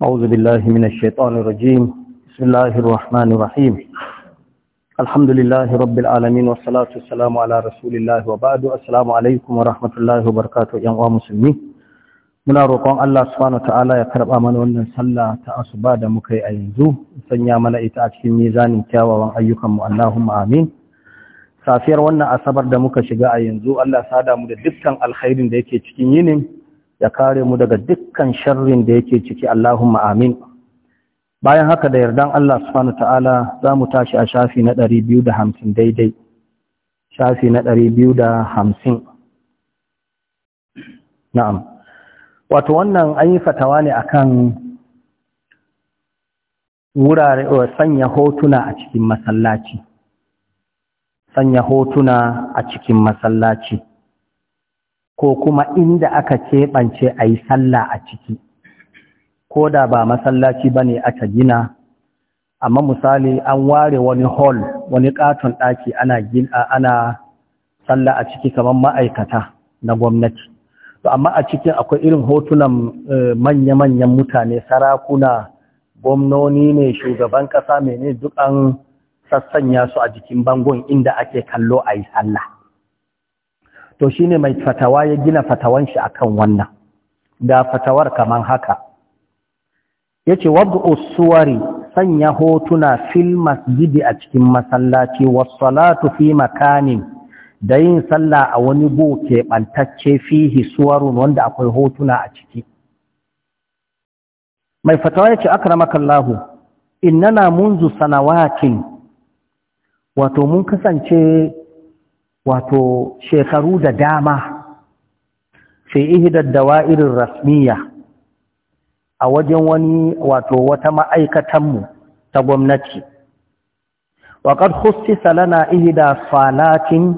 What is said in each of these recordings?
أعوذ mina من الشيطان الرجيم بسم الله الرحمن الرحيم الحمد لله رب العالمين والصلاة والسلام على رسول الله وبعد السلام عليكم ورحمة الله muna rokon Allah subhanahu ya karɓa mana wannan sallah ta asuba da muka yi a yanzu sanya mana ita a cikin mizanin kyawawan ayyukan mu Allahumma amin safiyar wannan asabar da muka shiga a yanzu Allah sada mu da dukkan alkhairin da yake cikin yinin ya kare mu daga dukkan sharrin da yake ciki Allahumma amin bayan haka da yardan Allah subhanahu ta'ala za mu tashi a shafi na 250 daidai shafi na 250 na'am wato wannan an yi fatawa ne akan wurare eh, sanya hotuna a cikin masallaci sanya hotuna a cikin masallaci ko kuma inda aka keɓance a yi sallah a ciki ko da ba masallaci ba ne aka gina amma misali an ware wani hall wani ƙaton ɗaki ana sallah a ciki kamar ma'aikata na gwamnati to amma a cikin akwai irin hotunan eh, manya-manyan mutane sarakuna gwamnoni ne shugaban ƙasa mai ne duk an sassanya su a jikin bangon inda ake kallo a yi sallah to shine mai fatawa ya gina fatawan shi akan wannan da fatawar kamar haka yace wad'u suwari sanya hotuna fil masjidi a cikin masallaci wasu salatu fi makanin da yin sallah a wani buke bantacce fihi suwarun wanda akwai hotuna a ciki mai fatawa yace akramakallahu innana munzu sanawatin wato mun kasance wato shekaru da dama fi ihidar dawa'irin rasmiya a wajen wani wato wata ma'aikatanmu ta gwamnati wa qad khussisa lana ihda salatin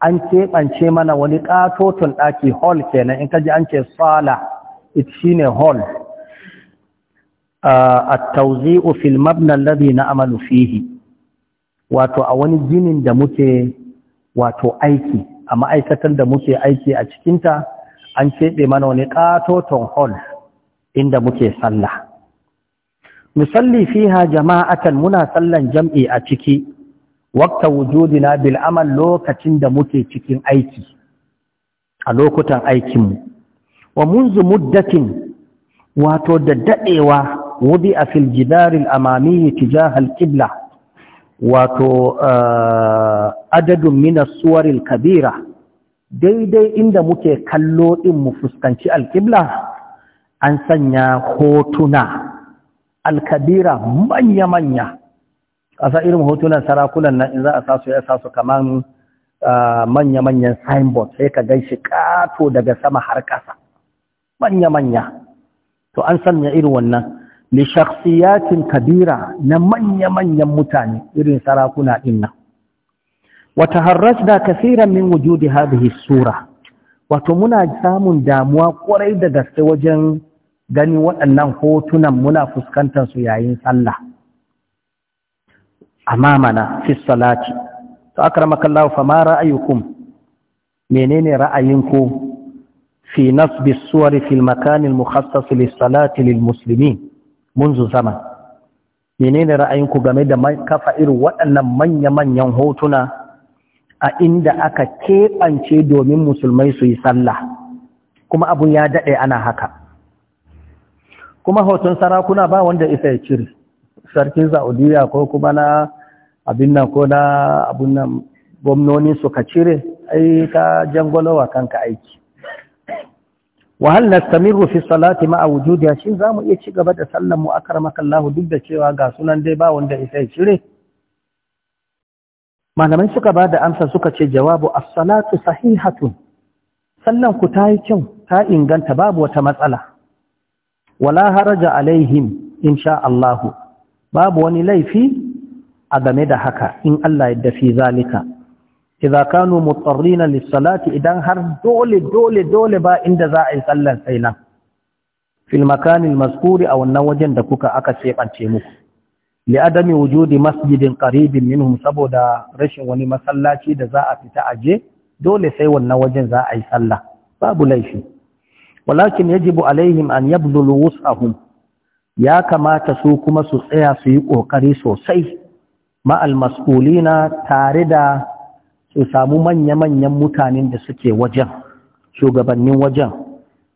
an keɓance mana wani ƙatoton ɗaki hall kenan in kaji an ce sala it shine hall a tawzi'u fil mabna na amalu fihi wato a wani ginin da muke wato aiki a ma'aikatar da muke aiki a cikinta an keɓe mana wani ƙatoton hall inda muke sallah musalli fiha jama'atan muna sallan jam'i a ciki wakta wujudina bil amal lokacin da muke cikin aiki a lokutan aikinmu wa munzu muddatin wato da daɗewa wudi a fil amami tijahal kibla. wato eh, adadun minas suwaril kabira daidai inda muke kallo ɗin mu fuskanci alƙibla an sanya hotuna alkabira manya-manya ƙasa irin hotunan sarakunan nan in za a sasu ya sasu kamar eh, manya-manyan signboard sai ka gan shi kato daga sama har ƙasa manya-manya to an sanya irin wannan li shakhsiyatin kabira na manya-manyan mutane irin sarakuna dinnan wata harrasda kasiran min wujudi hadhihi sura wato muna samun damuwa kwarai da gaske wajen gani waɗannan hotunan muna fuskantar su yayin sallah amamana fi salati to akramakallahu fama ra'ayukum menene ra'ayinku fi nasbi suwari fil makanil mukhassas lis salati lil muslimin منذ زمن menene ra'ayinku game da kafa irin waɗannan manya-manyan hotuna a inda aka keɓance domin musulmai su yi sallah kuma abun ya daɗe ana haka kuma hoton sarakuna ba wanda isa ya cire sarkin saudiya ko kuma na abin nan ko na abin nan gwamnoni suka cire ai ka jangolowa kanka aiki wahal nastamirru fi salati ma'a wujudiha shin zamu iya ci gaba da sallar mu akramaka Allah duk da cewa ga sunan dai ba wanda isa ya cire malamai suka ba da amsa suka ce jawabu as-salatu sahihatun sallan ku ta yi ta inganta babu wata matsala wala haraja alaihim insha Allah babu wani laifi a game da haka in Allah ya dafi zalika idza kanu mutarrina lis-salati idan har dole dole dole ba inda za a yi sallar sai nan fil maskuri a wannan wajen da kuka aka sebance muku li adami wujudi masjidin qaribin minhum saboda rashin wani masallaci da za a fita aje dole sai wannan wajen za a yi sallah babu laifi walakin yajibu alaihim an yabdulu wus'ahum ya kamata su kuma su tsaya su yi kokari sosai ma'al mas'ulina tare da In samu manya-manyan mutanen da suke wajen shugabannin wajen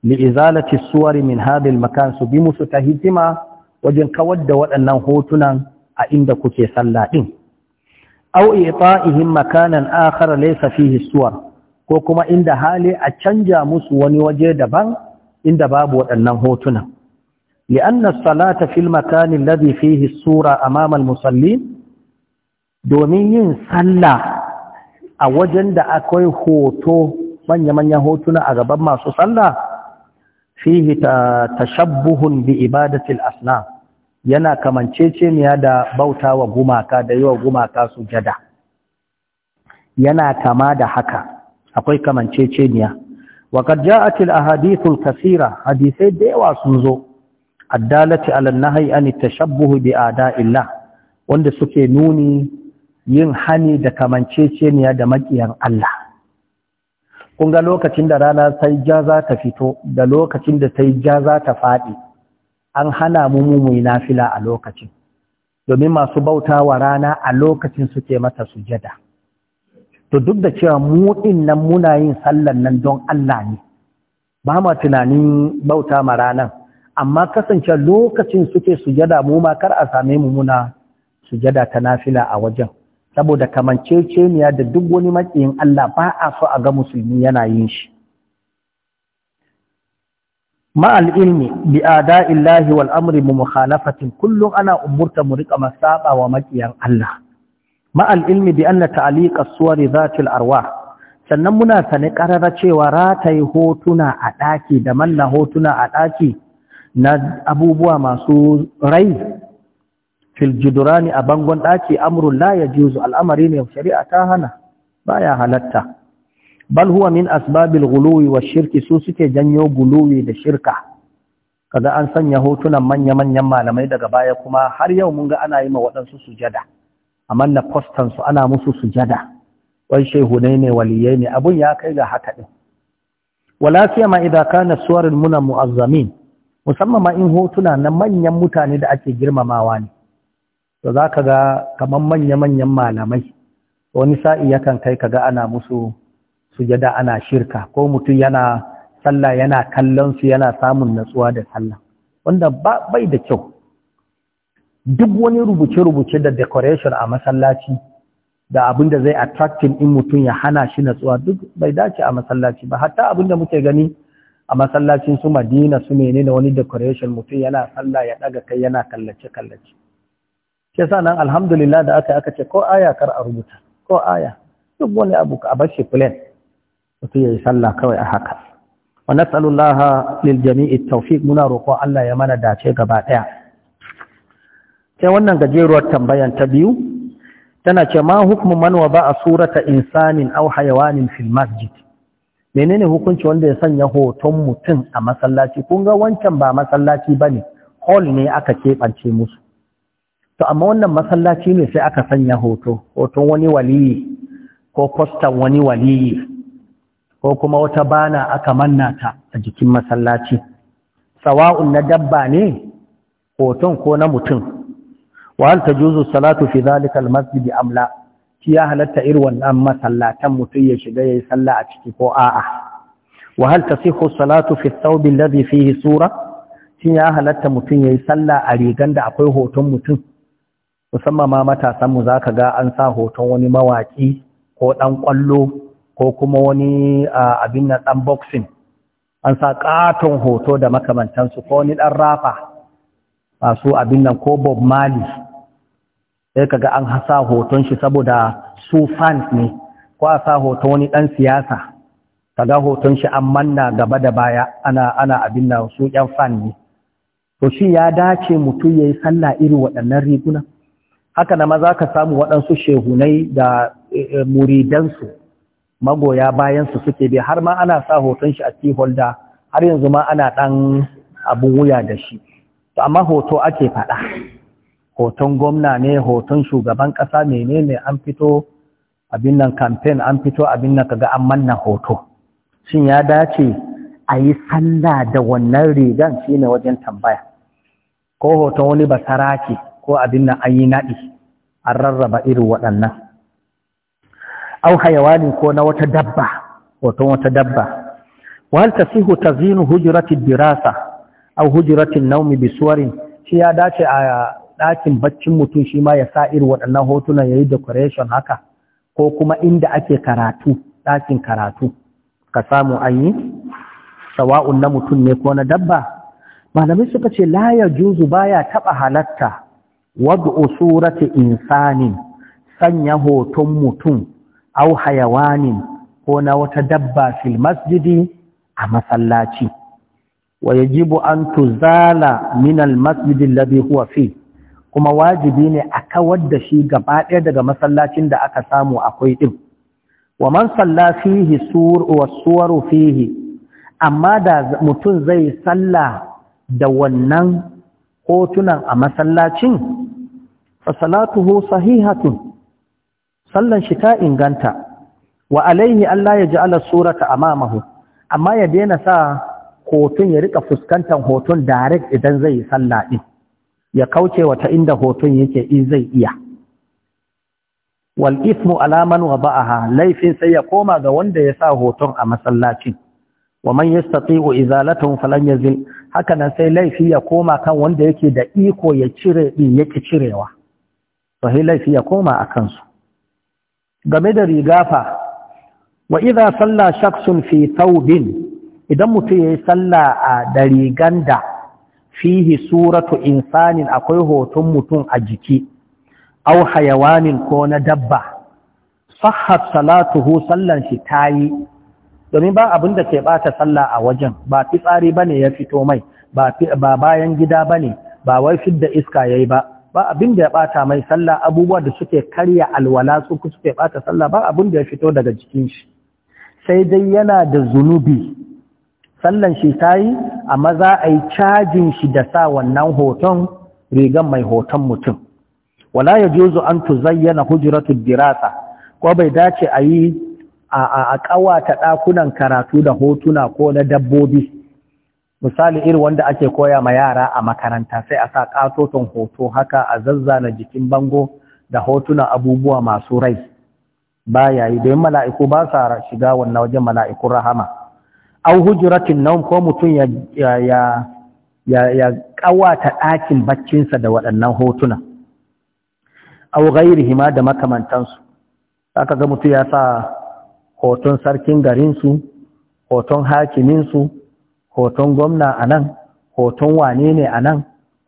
li'izalati suwari min hadil makan su bi musu ta hikima wajen kawar da waɗannan hotunan a inda kuke sallah ɗin au ita'ihim makanan akhar laysa fihi suwar ko kuma inda hali a canja musu wani waje daban inda babu waɗannan hotunan لأن الصلاة في المكان الذي فيه الصورة أمام المصلين domin yin sallah a wajen da akwai hoto manya-manyan hotuna a gaban masu sallah fihi tashabbuhun bi ibadatil asna yana kamanceceniya da bautawa gumaka da yawa gumaka su jada, yana kama da haka akwai kamanceceniya wa qad ja'at al ahadith al kaseera hadisai da yawa sun zo addalati ala an-nahy an an at tashabbuh bi a'da'illah wanda suke nuni yin hani da kamanceceniya da maƙiyan Allah kun ga lokacin da rana sai ja za ta fito da lokacin da sai ja za ta faɗi an hana mu mu yi nafila a lokacin domin masu bauta wa rana a lokacin suke mata sujada to duk da cewa muɗin nan muna yin sallan nan don Allah ne ba ma tunanin bauta ma ranan amma kasance lokacin suke sujada mu ma kar a same mu muna sujada ta nafila a wajen saboda kamanceceniya da duk wani maƙiyin Allah ba a so a ga musulmi yana yin shi ma'al ilmi bi ada'illahi wal amri mu mukhalafatin kullum ana umurta mu rika masaba wa maƙiyan Allah ma'al ilmi bi anna ta'alika suwari zatil arwah sannan muna sani ƙarara cewa rataye hotuna a ɗaki da manna hotuna a ɗaki na abubuwa masu rai fil judurani a bangon ɗaki Amrullah ya juzu al'amari ne shari'a ta hana baya halatta bal huwa min asbabil guluwi wa shirki su suke janyo guluwi da shirka kaga an sanya hotunan manya manyan malamai daga baya kuma har yau mun ga ana yi ma waɗansu sujada a manna fostan su ana musu sujada wai shehunai ne waliyai ne abun ya kai ga haka din wala siyama idza kana suwarul muna mu'azzamin musamman ma in hotuna na manyan mutane da ake girmamawa ne to za ka ga kamar manya-manyan malamai wani sa'i yakan kai ka ga ana musu su sujada ana shirka ko mutum yana sallah yana kallon su yana samun natsuwa da sallah wanda bai da kyau duk wani rubuce-rubuce da decoration a masallaci da abin da zai attractin in mutum ya hana shi natsuwa duk bai dace a masallaci ba hatta abin da muke gani a masallacin su madina su menene wani decoration mutum yana sallah ya daga kai yana kallace kallace ke sa nan alhamdulillah da aka aka ce ko aya kar a rubuta ko aya duk wani abu ka bar shi plan yi sallah kawai a haka wa nas'alullaha lil jami'i tawfiq muna roƙo Allah ya mana dace gaba ɗaya sai wannan gajeruwar tambayan ta biyu tana ce ma hukumu man wa ba surata insanin au hayawanin fil masjid menene hukunci wanda ya sanya hoton mutum a masallaci kun ga wancan ba masallaci bane hall ne aka keɓance musu to amma wannan masallaci ne sai aka sanya hoto hoton wani waliyi ko postan wani waliyi ko kuma wata bana aka manna ta a jikin masallaci sawa'un na dabba ne hoton ko na mutum Wahal ta juzu salatu fi dhalika masjidi am la shi ya halatta irin wannan masallatan mutum ya shiga yayi sallah a ciki ko a'a wa hal tasihhu salatu fi thawb alladhi fihi sura shi ya halatta mutum yayi sallah a rigan da akwai hoton mutum musamman ma matasanmu za ka ga an sa hoton wani mawaƙi ko ɗan ƙwallo ko kuma wani abin na ɗan boxing an sa ƙaton hoto da makamantansu ko wani ɗan rafa masu abin nan ko bob mali sai ka ga an sa hoton shi saboda su fans ne ko a sa hoton wani ɗan siyasa ka ga hoton shi an manna gaba da baya ana ana abin nan su ƴan fan ne to shi ya dace mutum ya yi sallah irin waɗannan riguna haka na maza ka samu waɗansu shehunai da eh, eh, muridansu magoya bayansu suke bi har ma ana sa hoton shi a holda har yanzu ma ana ɗan abin wuya da shi to amma hoto ake faɗa hoton gwamna ne hoton shugaban ƙasa menene an fito abin nan kamfen an fito abin nan kaga an manna hoto shin ya dace a yi sallah da wannan rigan shine wajen tambaya ko hoton wani ce ko abin nan an yi naɗi an rarraba irin waɗannan au hayawani ko na wata dabba hoton wata dabba wal tasihu tazinu hujrati dirasa au hujrati naumi bi suwarin shi ya dace a ɗakin baccin mutum shi ma ya sa irin waɗannan hotunan yayi decoration haka ko kuma inda ake karatu ɗakin karatu ka samu an yi sawa'un na mutum ne ko na dabba malamai suka ce la ya juzu baya taɓa halatta wad'u surati insanin sanya hoton mutum au hayawanin ko na wata dabba fil masjidi a masallaci wa yajibu an tuzala min al masjidi alladhi huwa fi kuma wajibi ne a kawar da shi gaba ɗaya daga masallacin da aka samu akwai ɗin wa man salla fihi sur wa suwaru fihi amma da mutum zai salla da wannan hotunan a masallacin ho salatuhu sahihatun sallan shi ta inganta wa alaihi Allah ya ji ja'ala surata amamahu amma ya daina sa hoton ya rika fuskantar hoton direct idan zai yi sallah din ya kauce ta inda hoton yake in zai iya wal ismu alaman wa ba'aha, laifin sai ya koma ga wanda ya sa hoton a masallacin wa man yastati'u izalatahu falan yazil haka nan sai laifi ya koma kan wanda yake da iko ya cire din yake cirewa sahi laifi ya koma a kansu game da rigafa wa idha salla shakhsun fi thawbin idan mutum yayi salla a da ganda, da fihi suratu insanin akwai hoton mutum a jiki aw hayawanin ko na dabba sahhat salatuhu sallan shi tayi domin ba abin da ke bata salla a wajen ba fitsari bane ya fito mai ba bayan gida bane ba wai fidda iska yayi ba ba abin da ya bata mai sallah abubuwa da suke karya alwala su suke bata sallah ba abin da ya fito daga jikin shi sai dai yana da zunubi sallan shi tayi amma za a yi cajin shi da sa wannan hoton rigan mai hoton mutum wala ya juzu an zayyana hujratu dirasa ko bai dace a yi a ƙawata ɗakunan karatu da hotuna ko na dabbobi misali irin wanda ake koya ma yara a makaranta sai a sa katoton hoto haka a zazzana jikin bango da hotunan abubuwa masu rai ba yayi don mala'iku ba sa shiga wannan wajen mala'ikun rahama au hujratin nan ko mutum ya ya ya kawata ɗakin baccinsa da waɗannan hotuna au ghairihi da makamantansu aka ga mutum ya sa hoton sarkin garinsu hoton hakiminsu hoton gwamna a nan hoton wane ne a nan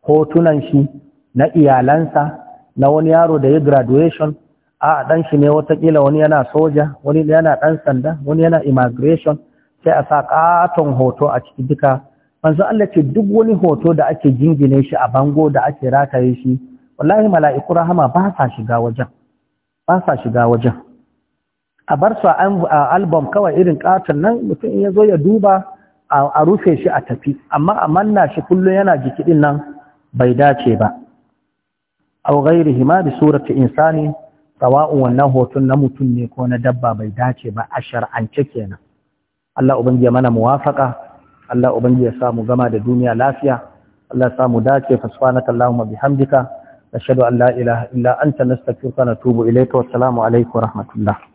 hotunan shi na iyalansa na wani yaro da ya graduation a ɗan shi ne watakila wani yana soja wani yana ɗan sanda wani yana immigration sai a sa ƙaton hoto a ciki duka manzo Allah ce duk wani hoto da ake jingine shi a bango da ake rataye shi wallahi mala'iku rahama ba sa shiga wajen ba sa shiga wajen a bar su a album kawai irin ƙaton nan mutum in ya zo ya duba a rufe shi a tafi amma a manna shi kullum yana jikiɗin nan bai dace ba aw ghairihi ma bi surati insani sawa'un wannan hoton na mutum ne ko na dabba bai dace ba a shar'ance kenan Allah ubangiji mana muwafaqa Allah ubangiji ya mu gama da duniya lafiya Allah ya samu dace fa subhanaka allahumma bihamdika nashhadu an la ilaha illa anta nastaghfiruka wa natubu ilayka wa assalamu alaykum wa rahmatullah